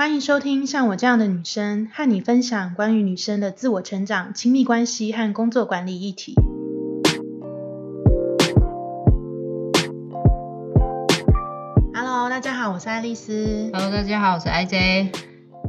歡迎收聽像我這樣的女生和你分享關於女生的自我成長、親密關係和工作管理議題。Hello，大家好，我是愛麗絲。Hello，大家好，我是 IJ。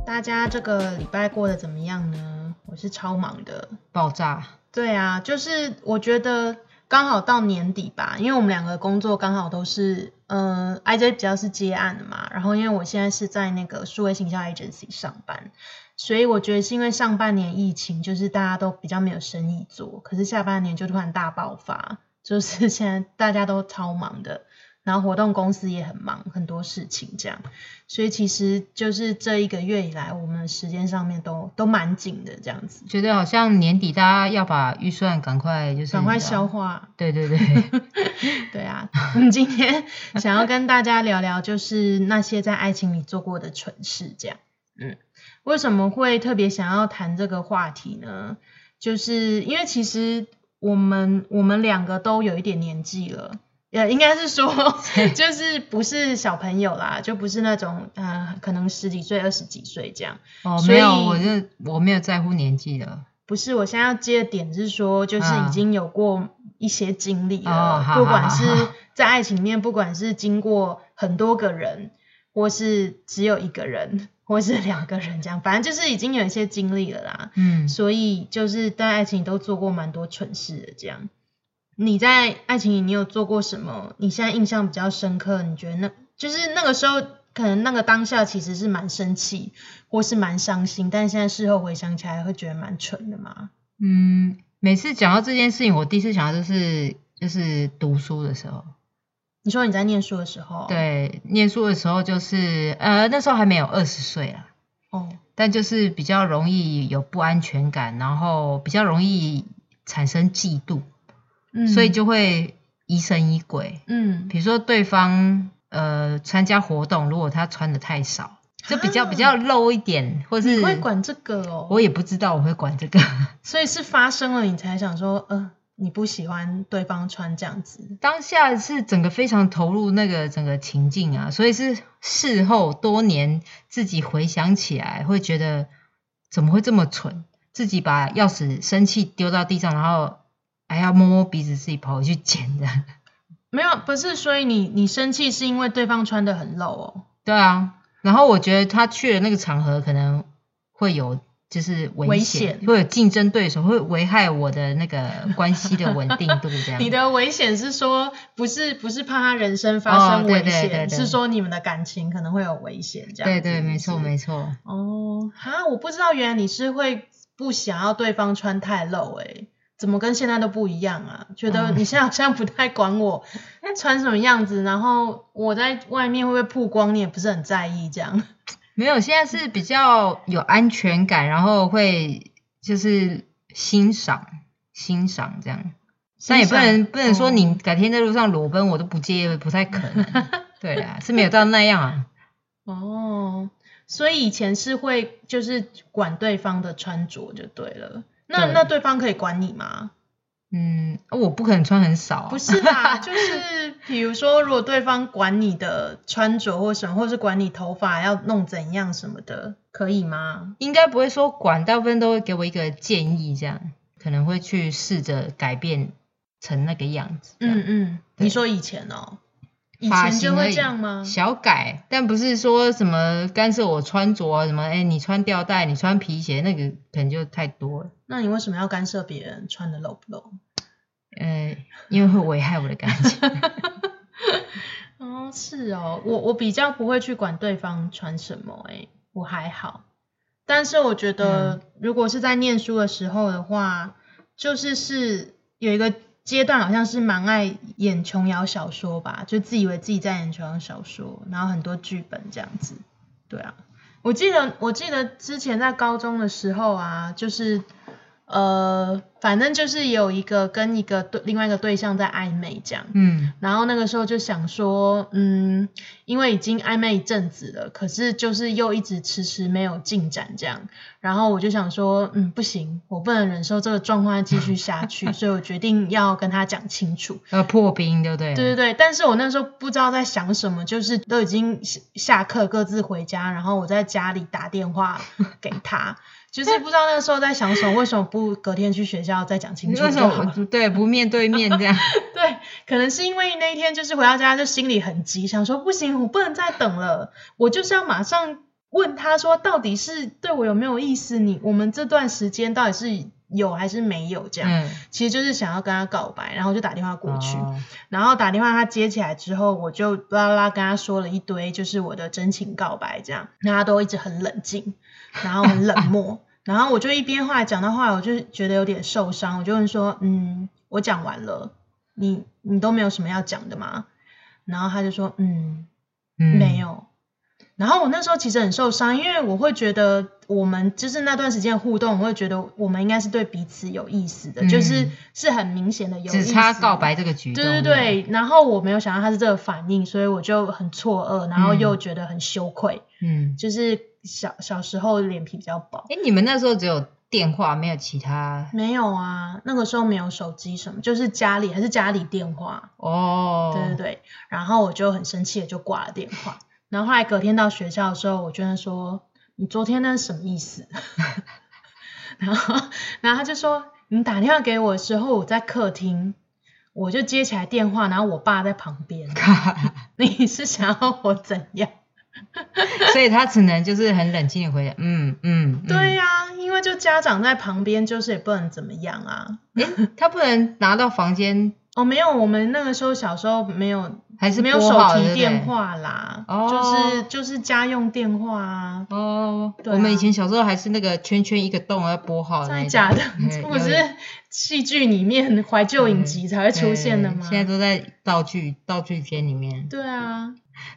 大家這個禮拜過得怎麼樣呢？我是超忙的，爆炸。對啊，就是我覺得。剛好到年底吧，因為我們兩個工作剛好都是，嗯、呃，I J 比較是接案的嘛。然後因為我現在是在那個數位行銷 agency 上班，所以我覺得是因為上半年疫情，就是大家都比較沒有生意做，可是下半年就突然大爆發，就是現在大家都超忙的。然後活動公司也很忙，很多事情這樣，所以其實就是這一個月以來，我們時間上面都都蠻緊的這樣子。覺得好像年底大家要把預算趕快就是趕快消化。對對對， 對啊，我們今天想要跟大家聊聊，就是那些在愛情裡做過的蠢事這樣。嗯，為什麼會特別想要談這個話題呢？就是因為其實我們我們兩個都有一點年紀了。也應該是說，就是不是小朋友啦， 就不是那種嗯、呃、可能十幾歲、二十幾歲這樣。哦，所以沒有，我就我沒有在乎年紀的。不是，我現在要接的點是說，就是已經有過一些經歷了，嗯哦、不管是在愛情裡面，不管是經過很多個人，哦、好好好好或是只有一個人，或是兩個人這樣，反正就是已經有一些經歷了啦。嗯。所以，就是在愛情都做過蠻多蠢事的這樣。你在愛情裡，你有做過什麼？你現在印象比較深刻，你覺得那就是那個時候，可能那個當下其實是蠻生氣，或是蠻傷心，但現在事後回想起來，會覺得蠻蠢的嘛？嗯，每次講到這件事情，我第一次想到就是就是讀書的時候。你說你在念書的時候？對，念書的時候就是呃那時候還沒有二十歲啊。哦。但就是比較容易有不安全感，然後比較容易產生嫉妒。嗯，所以就會疑神疑鬼，嗯，比如說對方呃參加活動，如果他穿得太少，就比較哈比較露一點，或是你會管這個哦，我也不知道我會管這個，所以是發生了你才想說，呃，你不喜歡對方穿這樣子。當下是整個非常投入那個整個情境啊，所以是事後多年自己回想起來會覺得怎麼會這麼蠢，自己把鑰匙生氣丟到地上，然後。還要摸摸鼻子自己跑回去撿的，沒有不是，所以你你生氣是因為對方穿得很露哦？對啊，然後我覺得他去了那個場合可能會有就是危險，危險，會有競爭對手，會危害我的那個關係的穩定度這樣。 你的危險是說不是不是怕他人生發生危險，是說你們的感情可能會有危險這樣？對，對對，沒錯沒錯。哦，哈，我不知道原來你是會不想要對方穿太露欸。怎麼跟現在都不一樣啊？覺得你現在好像不太管我，嗯、穿什麼樣子，然後我在外面會不會曝光，你也不是很在意這樣。沒有，現在是比較有安全感，然後會就是欣賞欣賞這樣。欣賞？但也不能不能說你改天在路上裸奔，我都不介意，不太可能。 對啊，是沒有到那樣啊。 哦，所以以前是會就是管對方的穿着就對了。那，對。那對方可以管你嗎？嗯，我不可能穿很少啊。不是啦， 就是比如說，如果對方管你的穿着或什麼，或是管你頭髮要弄怎樣什麼的，可以嗎？應該不會說管，大部分都會給我一個建議，這樣可能會去試着改變成那個樣子這樣。嗯嗯，對你說以前哦。以前就會這樣嗎？小改，但不是說什麼干涉我穿着啊什麼。哎、欸，你穿吊帶，你穿皮鞋，那個可能就太多了。那你為什麼要干涉別人穿的露不露？呃，因為會危害我的感情。 哦，是哦，我我比較不會去管對方穿什麼、欸，哎，我還好。但是我覺得，嗯、如果是在念書的時候的話，就是是有一個。階段好像是蠻愛演瓊瑤小說吧，就自以為自己在演瓊瑤小說，然後很多劇本這樣子，對啊，我記得我記得之前在高中的時候啊，就是。呃，反正就是有一個跟一個對另外一個對象在曖昧這樣，嗯，然後那個時候就想說，嗯，因為已經曖昧一陣子了，可是就是又一直遲遲沒有進展這樣，然後我就想說，嗯，不行，我不能忍受這個狀況繼續下去， 所以我決定要跟他講清楚，要破冰，對不對？對對對，但是我那時候不知道在想什麼，就是都已經下課各自回家，然後我在家裡打電話給他。 就是不知道那個時候在想什麼，為什麼不隔天去學校再講清楚就好？對，不面對面這樣。 對，可能是因為那一天就是回到家就心裡很急，想說不行，我不能再等了，我就是要馬上問他說到底是對我有沒有意思你？你我們這段時間到底是。有還是沒有？這樣，嗯、其實就是想要跟他告白，然後就打電話過去，哦、然後打電話他接起來之後，我就啦啦啦跟他說了一堆，就是我的真情告白，這樣。那他都一直很冷靜，然後很冷漠， 然後我就一邊話講到話，我就覺得有點受傷，我就問說，嗯，我講完了，你你都沒有什麼要講的嗎？然後他就說，嗯，嗯沒有。然後我那時候其實很受傷，因為我會覺得我們就是那段時間的互動，我會覺得我們應該是對彼此有意思的，嗯、就是是很明顯的有的。只差告白這個舉動。對對對，然後我沒有想到他是這個反應，所以我就很錯愕，然後又覺得很羞愧。嗯，就是小小時候臉皮比較薄。哎、嗯，你們那時候只有電話，沒有其他？沒有啊，那個時候沒有手機什麼，就是家裡還是家裡電話。哦。對對對，然後我就很生氣的就掛了電話。然後後來隔天到學校的時候，我居然說：“你昨天那是什麼意思？” 然後，然後他就說：“你打電話給我的時候，我在客廳，我就接起來電話，然後我爸在旁邊。 你是想要我怎樣？” 所以，他只能就是很冷靜的回答：“嗯嗯，嗯對呀、啊，因為就家長在旁邊，就是也不能怎麼樣啊。他不能拿到房間。”哦，沒有，我們那個時候小時候沒有，還是沒有手提電話啦，哦、就是就是家用電話啊。哦，對、啊，我們以前小時候還是那個圈圈一個洞要撥號，真的假的？不、嗯、是戲劇裡面懷舊影集才會出現的嗎？嗯嗯、現在都在道具道具間裡面。對啊。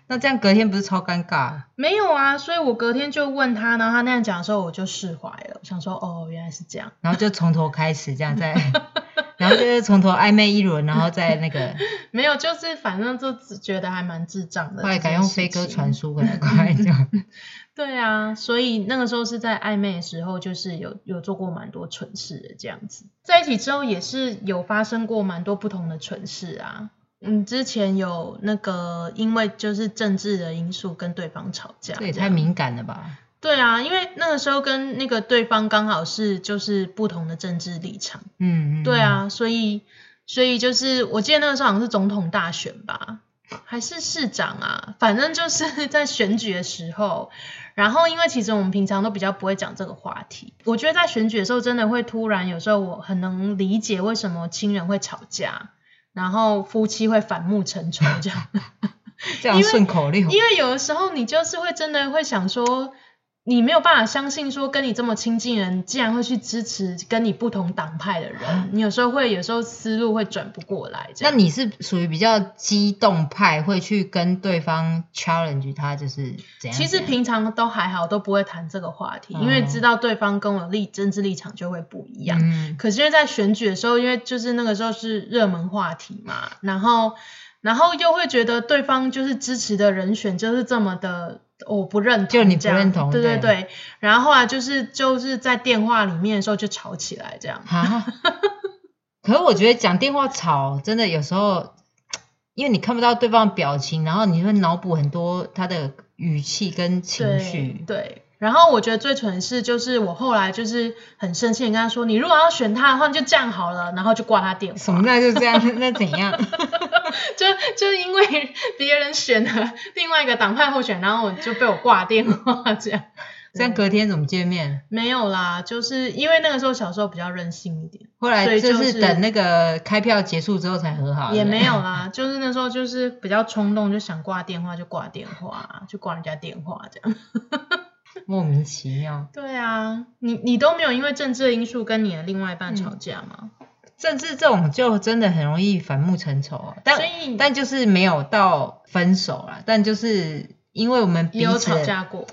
那這樣隔天不是超尷尬啊？沒有啊，所以我隔天就問他，然後他那樣講的時候我，我就釋懷了，想說哦，原來是這樣，然後就從頭開始這樣在， 然後就是從頭曖昧一輪，然後再那個 沒有，就是反正就覺得還蠻智障的。快改用飛鴿傳書過來快這樣。 就 對啊，所以那個時候是在曖昧的時候，就是有有做過蠻多蠢事的，這樣子在一起之後也是有發生過蠻多不同的蠢事啊。嗯，之前有那個，因為就是政治的因素跟對方吵架，這也太敏感了吧？對啊，因為那個時候跟那個對方剛好是就是不同的政治立場，嗯嗯，對啊，所以所以就是我記得那個時候好像是總統大選吧，還是市長啊，反正就是在選舉的時候，然後因為其實我們平常都比較不會講這個話題，我覺得在選舉的時候真的會突然，有時候我很能理解為什麼親人會吵架。然後夫妻會反目成仇，這樣， 這樣順口令，因為，好因為有的時候你就是會真的會想說。你沒有辦法相信說跟你這麼親近的人，竟然會去支持跟你不同黨派的人。你有時候會，有時候思路會轉不過來。那你是屬於比較激動派，會去跟對方 challenge 他，就是這樣。其實平常都還好，都不會談這個話題，哦、因為知道對方跟我立政治立場就會不一樣。嗯、可是因為在選舉的時候，因為就是那個時候是熱門話題嘛，然後然後又會覺得對方就是支持的人選就是這麼的。我、哦、不認就你不認同，樣對對對。對，然後啊就是就是在電話裡面的時候就吵起來這樣。哈蛤。 可是我覺得講電話吵，真的有時候，因為你看不到對方表情，然後你會腦補很多他的語氣跟情緒，對。然後我覺得最蠢的是，就是我後來就是很生氣，跟他說：“你如果要選他的話，你就這樣好了。”然後就掛他電話。什麼那就這樣？ 那，那怎樣？ 就就因為別人選了另外一個黨派候選，然後我就被我掛電話這樣。這樣隔天怎麼見面，嗯？沒有啦，就是因為那個時候小時候比較任性一點。後來就是等那個開票結束之後才和好。就是、也沒有啦，就是那時候就是比較衝動，就想掛電話就掛電話，就掛人家電話這樣。 莫名其妙。 對啊，你你都沒有因為政治的因素跟你的另外一半吵架嗎？嗯，政治這種就真的很容易反目成仇啊，但以但就是沒有到分手啊。但就是因為我們有吵架過，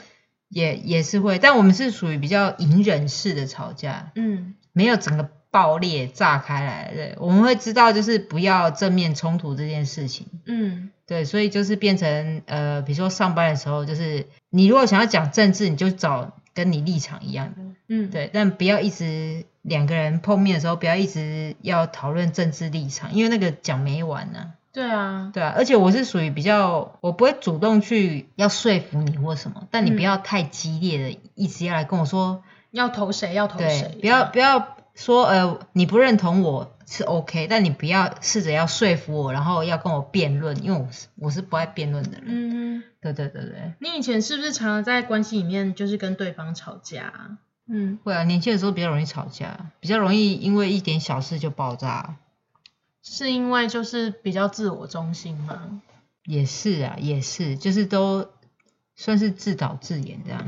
也也是會，但我們是屬於比較隱忍式的吵架，嗯，沒有整個。爆裂炸開來，對，我們會知道就是不要正面衝突這件事情，嗯，對，所以就是變成呃，比如說上班的時候，就是你如果想要講政治，你就找跟你立場一樣，嗯，對，但不要一直兩個人碰面的時候，不要一直要討論政治立場，因為那個講沒完呢，啊，對啊，對啊，而且我是屬於比較，我不會主動去要說服你或什麼，但你不要太激烈的，嗯，一直要來跟我說要投誰，要投誰，對，是嗎？不要不要。說呃，你不認同我是 OK，但你不要試着要說服我，然後要跟我辯論，因為我是我是不愛辯論的人。嗯，對對對對。你以前是不是常常在關係裡面就是跟對方吵架啊？嗯，會啊，年輕的時候比較容易吵架，比較容易因為一點小事就爆炸。是因為就是比較自我中心嗎？也是啊，也是，就是都算是自導自演這樣。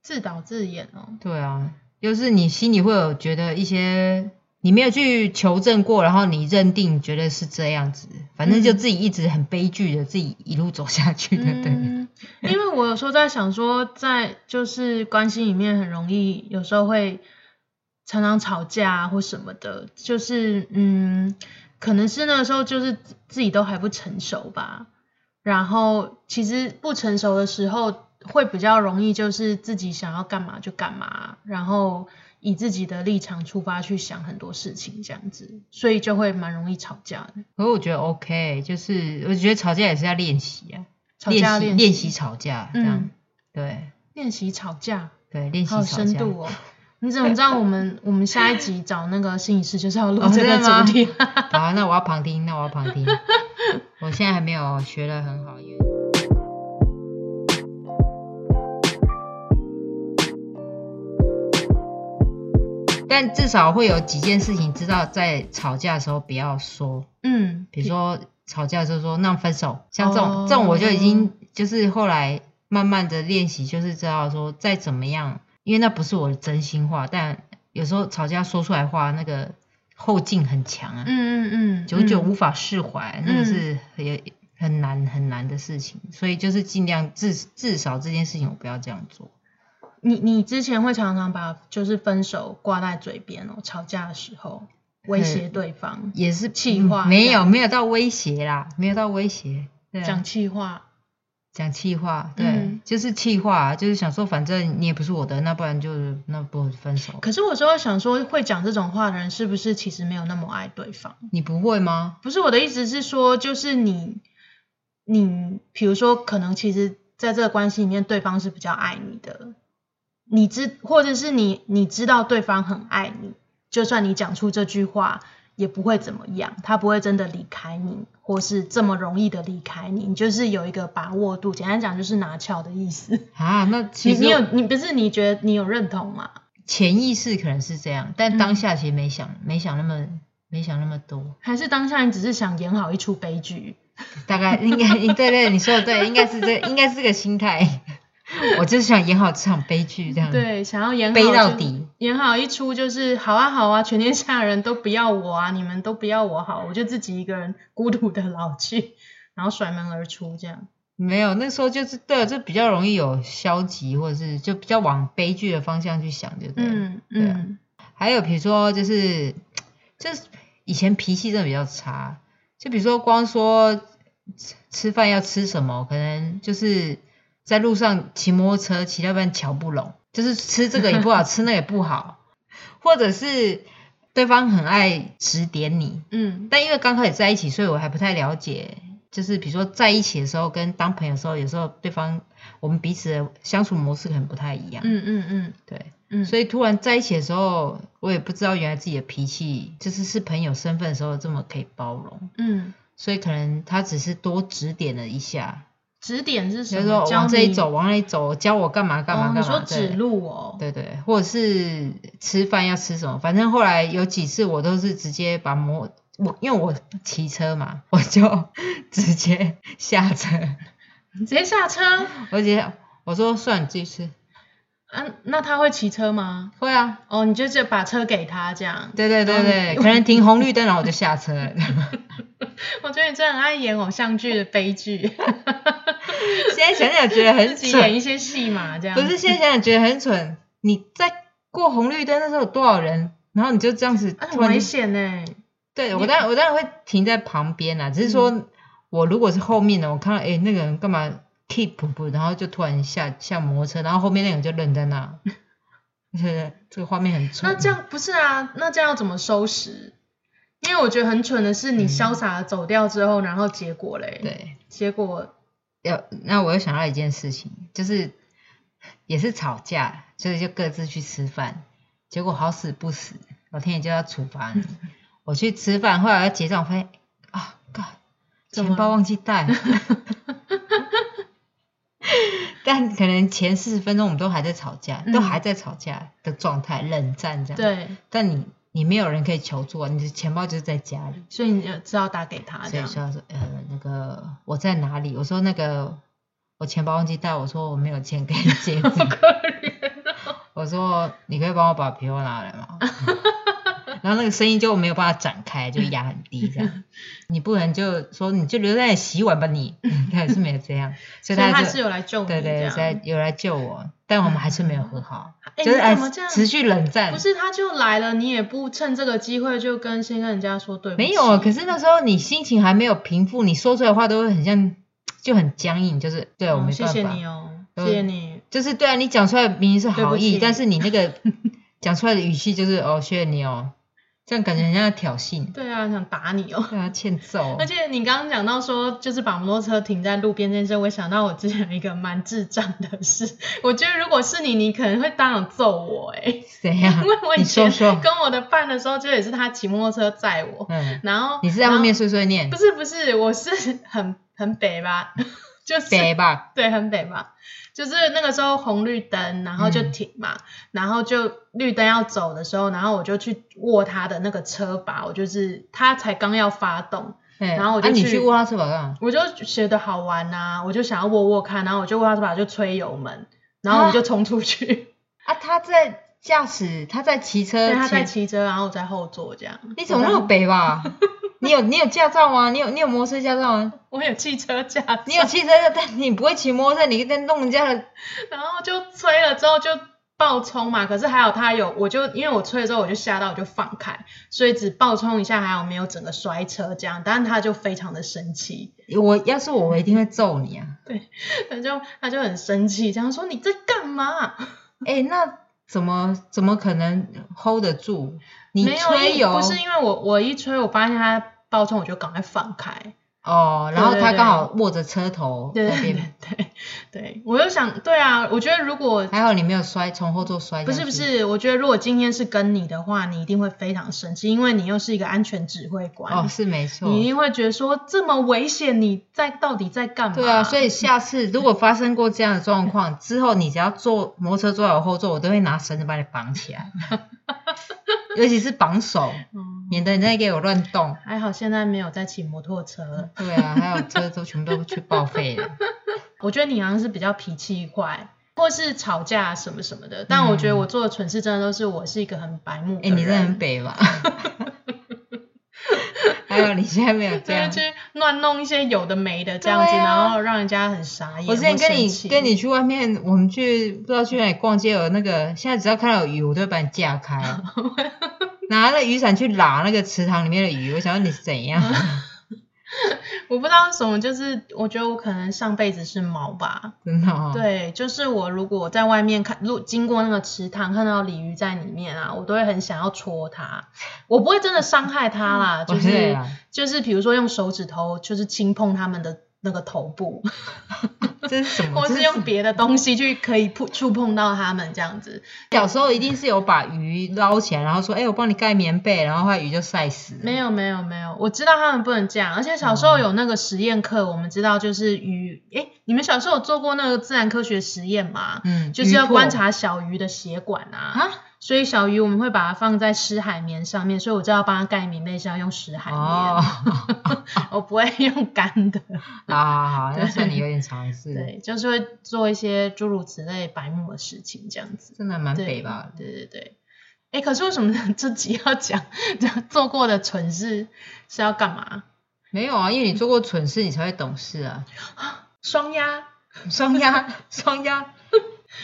自導自演哦。對啊。就是你心裡會有覺得一些你沒有去求證過，然後你認定覺得是這樣子，反正就自己一直很悲劇的、嗯、自己一路走下去的。對，嗯，因為我有時候在想說，在就是關係裡面很容易，有時候會常常吵架或什麼的，就是嗯，可能是那時候就是自己都還不成熟吧，然後其實不成熟的時候。會比較容易，就是自己想要幹嘛就幹嘛，然後以自己的立場出發去想很多事情這樣子，所以就會蠻容易吵架的。可是我覺得 OK，就是我覺得吵架也是要練習啊，練習練習吵架這樣，對，練習吵架，對，練習吵架，好深度哦。你怎麼知道我們我們下一集找那個攝影師就是要錄這個主題？啊，那我要旁聽，那我要旁聽，我現在還沒有學得很好，但至少會有幾件事情知道在吵架的時候不要說，嗯，比如說吵架就說那分手，像這種、哦、這種我就已經就是後來慢慢的練習，就是知道說再怎麼樣，因為那不是我的真心話，但有時候吵架說出來話那個後勁很強啊，嗯嗯嗯，嗯嗯久久無法釋懷，嗯、那個是也很，很難很難的事情，所以就是儘量至至少這件事情我不要這樣做。你你之前會常常把就是分手掛在嘴邊哦，吵架的時候威脅對方也是氣話，嗯，沒有對沒有到威脅啦，沒有到威脅，講氣話，啊，講氣話，對，嗯，就是氣話，就是想說反正你也不是我的，那不然就那不分手。可是我說想說，會講這種話的人是不是其實沒有那麼愛對方？你不會嗎？不是我的意思是說，就是你你比如說，可能其實在這個關係裡面，對方是比較愛你的。你知，或者是你，你知道對方很愛你，就算你講出這句話，也不會怎麼樣，他不會真的離開你，或是這麼容易的離開你，你就是有一個把握度，簡單講就是拿翹的意思啊。那其實你有，你不是你覺得你有認同嗎？潛意識可能是這樣，但當下其實沒想，嗯、沒想那麼，沒想那麼多。還是當下你只是想演好一出悲劇？ 大概應該，對，對對，你說的對，應該是這個，應該是個心態。 我就是想演好這場悲劇，這樣對，想要演悲到底，演好一出就是好啊好啊， 全天下人都不要我啊， 你們都不要我好，我就自己一個人孤獨的老去，然後甩門而出這樣。沒有，那時候就是對，就比較容易有消極，或者是就比較往悲劇的方向去想，就對。嗯嗯。對啊、嗯還有比如說就是，就是以前脾氣真的比較差，就比如說光說吃飯要吃什麼，可能就是。在路上騎摩托車，其他人瞧不攏，就是吃這個也不好 吃，那也不好，或者是對方很愛指點你。嗯，但因為剛開始在一起，所以我還不太了解，就是比如說在一起的時候跟當朋友的時候，有時候對方我們彼此的相處模式可能不太一樣，嗯嗯嗯，對，嗯，所以突然在一起的時候，我也不知道原來自己的脾氣就是是朋友身份的時候這麼可以包容，嗯，所以可能他只是多指點了一下。指點是什麼？教你往這裡走，你往那裡走，教我幹嘛幹嘛幹嘛。哦、你說指路哦。對，對對，或者是吃飯要吃什麼？反正後來有幾次我都是直接把摩我，因為我騎車嘛，我就直接下車。 你直接下車？我直接，我說算，你自己吃。啊，那他會騎車嗎？會啊。哦，你就就把車給他這樣。對對對對，可能停紅綠燈，然後我就下車。我覺得你真的很愛演偶像劇的悲劇。現在想想覺得很蠢，演一些戲嘛這樣。不是，現在想想覺得很蠢。你在過紅綠燈的時候有多少人？然後你就這樣子，很危險呢。對，我當然我當然會停在旁邊啊。只是說，我如果是後面的，我看到哎那個人幹嘛？keep 不，然後就突然下下摩托車，然後後面那種就愣在那 是是，這個畫面很蠢。那這樣不是啊？那這樣要怎麼收拾？因為我覺得很蠢的是你瀟灑走掉之後，嗯、然後結果嘞，對，結果要那我又想到一件事情，就是也是吵架，所以就各自去吃飯，結果好死不死，老天爺就要處罰你。 我去吃飯後來我要結賬，我發現，啊、哦、，God，錢包忘記帶。 但可能前四十分鐘我們都還在吵架，嗯、都還在吵架的狀態，冷戰這樣。對。但你你沒有人可以求助啊，你的錢包就是在家裡，所以你要知道打給他。所以說要說，呃，那個我在哪裡？我說那個我錢包忘記帶，我說我沒有錢給你借。 可憐哦、我說你可以幫我把皮包拿來嗎？ 嗯然後那個聲音就沒有辦法展開，就壓很低這樣。你不能就說你就留在那裡洗碗吧，你也是沒有這樣。所以他還是有來救我，對對，有來救我，但我們還是沒有和好，就是哎持續冷戰。不是，他就來了，你也不趁這個機會就跟先跟人家說。對，沒有啊，可是那時候你心情還沒有平復，你說出來的話都會很像就很僵硬，就是對，我沒辦法哦，謝謝你哦，謝謝你。就是對啊，你講出來明明是好意，但是你那個講出來的語氣就是哦，謝謝你哦。這樣感覺很像在挑釁，對啊，想打你哦、喔，對啊，欠揍。而且你剛剛講到說，就是把摩托車停在路邊這件事，我想到我之前有一個蠻智障的事。我覺得如果是你，你可能會當場揍我哎、欸。誰呀、啊？因為我以前跟我的伴的時候，說說就也是他騎摩托車載我，嗯、然後你是在後面碎碎念？不是不是，我是很很北吧。嗯就是北吧，對，很北吧。就是那個時候紅綠燈，然後就停嘛，嗯、然後就綠燈要走的時候，然後我就去握他的那個車把，我就是他才剛要發動，對然後我就去、啊、你去握他車把幹嘛？我就覺得好玩吶、啊，我就想要握握看，然後我就握他車把就催油門，然後我就衝出去啊。啊，他在駕駛，他在騎車，他在騎車，然後我在後座這樣。你怎麼那麼北吧？ 你有你有駕照嗎？你有你有摩托車駕照嗎？我有汽車駕照。你有汽車駕，但你不會騎摩托車，你在弄人家的。 然後就催了之後就爆衝嘛，可是還好他有，我就因為我催了之後我就嚇到，我就放開，所以只爆衝一下，還好沒有整個摔車這樣。但他就非常的生氣，我要是我我一定會揍你啊。 對，他就他就很生氣，這樣說你在幹嘛？誒、 欸、那。怎麼怎麼可能 hold 得住？你吹沒有，不是因為我我一吹，我發現它爆衝，我就趕快放開。哦，然後他剛好握着車頭那邊對對，對，對對，對我又想，對啊，我覺得如果還好你沒有摔，從後座摔下。不是不是，我覺得如果今天是跟你的話，你一定會非常生氣，因為你又是一個安全指揮官。哦，是沒錯。你一定會覺得說這麼危險，你在到底在幹嘛？對啊，所以下次如果發生過這樣的狀況 之後，你只要坐摩托車坐在我後座，我都會拿繩子把你綁起來， 尤其是綁手。嗯免得你再給我亂動。還好現在沒有在騎摩托車。對啊，還有車都全部都去報廢了。 我覺得你好像是比較脾氣怪，或是吵架什麼什麼的。嗯、但我覺得我做的蠢事真的都是，我是一個很白目的人哎，、欸，你為很北吧？ 還有你現在沒有這樣就去亂弄一些有的沒的這樣子，啊、然後讓人家很傻眼。我現在跟你跟你去外面，我們去不知道去哪裡逛街，有那個現在只要看到有雨，我都會把你架開。 拿了雨傘去拉那個池塘裡面的魚，我想問你是怎樣？嗯、我不知道什麼，就是我覺得我可能上輩子是貓吧。真的。哦、對，就是我如果在外面看，路經過那個池塘看到鯉魚在裡面啊，我都會很想要戳它。我不會真的傷害它啦，嗯、就是、okay、了就是比如說用手指頭，就是輕碰它們的那個頭部。 我是，是用別的東西去可以碰觸碰到它們這樣子。對對小時候一定是有把魚撈起來，然後說：“哎，我幫你蓋棉被。”然後，後魚就曬死了。沒有沒有沒有，我知道他們不能這樣。而且小時候有那個實驗課，哦，我們知道就是魚。哎，你們小時候有做過那個自然科學實驗嗎？嗯，就是要觀察小魚的血管啊。所以小魚我們會把它放在濕海綿上面，所以我就要幫它蓋棉被是要用濕海綿，哦、 我不會用乾的。啊好啊！對像你有點嘗試。對，就是會做一些諸如此類白目的事情，這樣子真的蠻北吧對？對對對。誒、欸、可是為什麼自己要講做過的蠢事是要幹嘛？沒有啊，因為你做過蠢事，嗯、你才會懂事啊。雙鴨，雙鴨，雙鴨，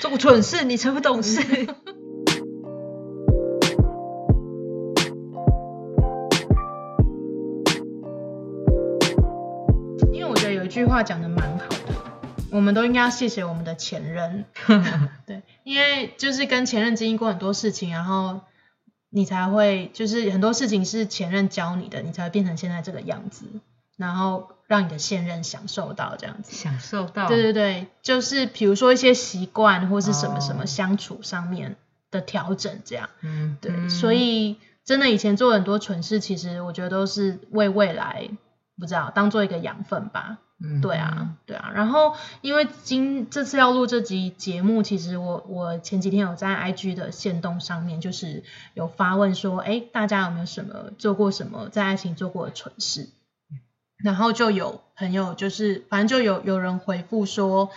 做過蠢事你才會懂事啊。雙壓雙壓雙壓做過蠢事你才不懂事、嗯這句話講得蠻好的，我們都應該要謝謝我們的前任， 對，因為就是跟前任經歷過很多事情，然後你才會就是很多事情是前任教你的，你才會變成現在這個樣子，然後讓你的現任享受到這樣子，享受到，對對對，就是比如說一些習慣或是什麼什麼相處上面的調整這樣，嗯，oh. 對，所以真的以前做很多蠢事，其實我覺得都是為未來不知道當做一個養分吧。對啊，對啊，然後因為今這次要錄這集節目，其實我我前幾天有在 IG 的限動上面，就是有發問說，哎，大家有沒有什麼做過什麼在愛情做過的蠢事？然後就有朋友就是，反正就有有人回復說，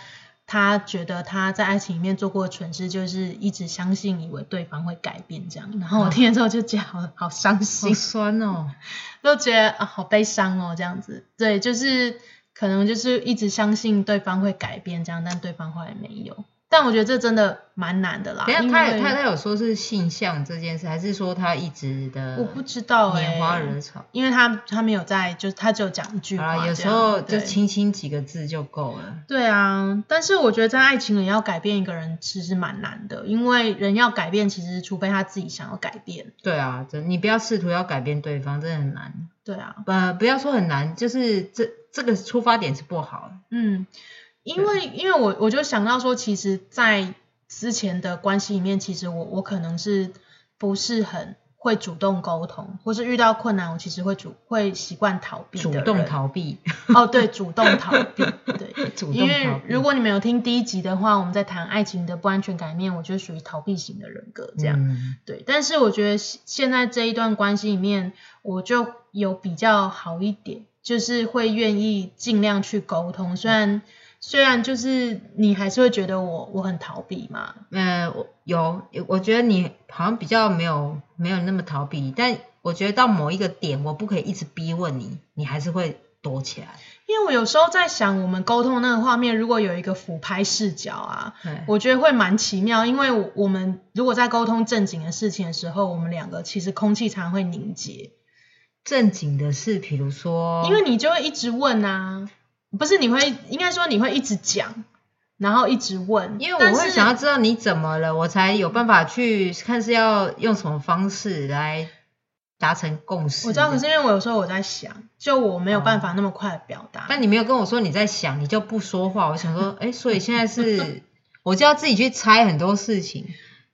他覺得他在愛情裡面做過的蠢事就是一直相信，以為對方會改變這樣。然後我聽了之後就覺得：哦「好好傷心，好酸哦，都覺得啊好悲傷哦，這樣子，對，就是。可能就是一直相信對方會改變這樣，但對方後來沒有。但我覺得這真的蠻難的啦。等一下，因為他、他、他有說是性向這件事，還是說他一直的我不知道啊，拈花惹草，因為他他沒有在，就是他只有講一句話。啊，有時候就輕輕幾個字就夠了。對啊，但是我覺得在愛情裡要改變一個人其實蠻難的，因為人要改變，其實除非他自己想要改變。對啊，你不要試圖要改變對方，真的很難。對啊，呃，不要說很難，就是這這個出發點是不好。嗯。因為，因為我我就想到說，其實，在之前的關係裡面，其實我我可能是不是很會主動溝通，或是遇到困難，我其實會主會習慣逃避，主動逃避。哦，對，主動逃避，對，因為如果你沒有聽第一集的話，我們在談愛情的不安全感面，我就屬於逃避型的人格，這樣、嗯、對。但是我覺得現在這一段關係裡面，我就有比較好一點。就是會願意盡量去溝通，雖然、嗯、雖然就是你還是會覺得我我很逃避嘛。嗯、呃，有，我覺得你好像比較沒有沒有那麼逃避，但我覺得到某一個點，我不可以一直逼問你，你還是會躲起來。因為我有時候在想，我們溝通那個畫面，如果有一個俯拍視角啊，嗯、我覺得會蠻奇妙。因為我們如果在溝通正經的事情的時候，我們兩個其實空氣常會凝結。正經的事，譬如說，因為你就會一直問啊，不是你會，應該說你會一直講，然後一直問，因為我會想要知道你怎麼了，是我才有辦法去看是要用什麼方式來達成共識。我知道，可是因為我有時候我在想，就我沒有辦法那麼快表達、哦。但你沒有跟我說你在想，你就不說話。我想說，誒所以現在是 我就要自己去猜很多事情。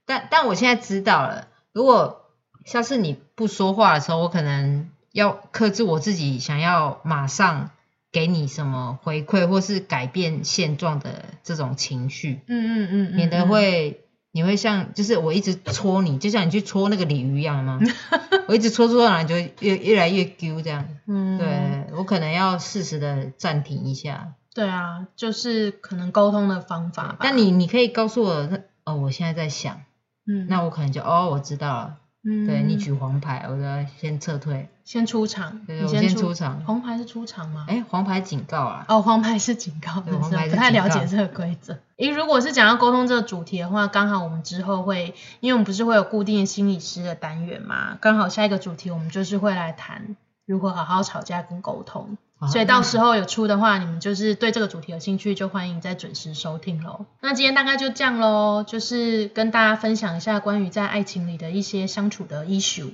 但但我現在知道了，如果下次你不說話的時候，我可能。要克制我自己想要馬上給你什麼回饋，或是改變現狀的這種情緒。嗯嗯，嗯嗯嗯，免得會你會像就是我一直戳你，就像你去戳那個鯉魚一樣嗎？ 我一直戳戳到，你就越越來越 Q。這樣。嗯，對我可能要適時的暫停一下。對啊，就是可能溝通的方法吧。但你你可以告訴我，哦，我現在在想，嗯，那我可能就哦，我知道了。嗯、對你舉黃牌，我就要先撤退，先出場，對，你先出，我先出場。黃牌是出場嗎？哎、欸，黃牌警告啊！哦，黃牌是警告，對，黃牌是警告。不太了解這個規則。誒、 欸，如果是講到溝通這個主題的話，剛好我們之後會，因為我們不是會有固定心理師的單元嘛？剛好下一個主題我們就是會來談如何好好吵架跟溝通。所以到時候有出的話，嗯、你們就是對這個主題有興趣，就歡迎再準時收聽嘍。那今天大概就這樣嘍，就是跟大家分享一下關於在愛情裡的一些相處的 issue。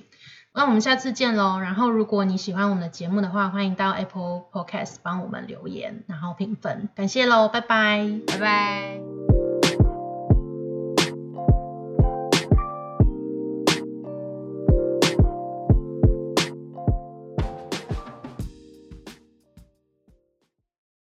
那我們下次見嘍。然後如果你喜歡我們的節目的話，歡迎到 Apple Podcast 幫我們留言，然後評分，感謝嘍，拜拜，拜拜。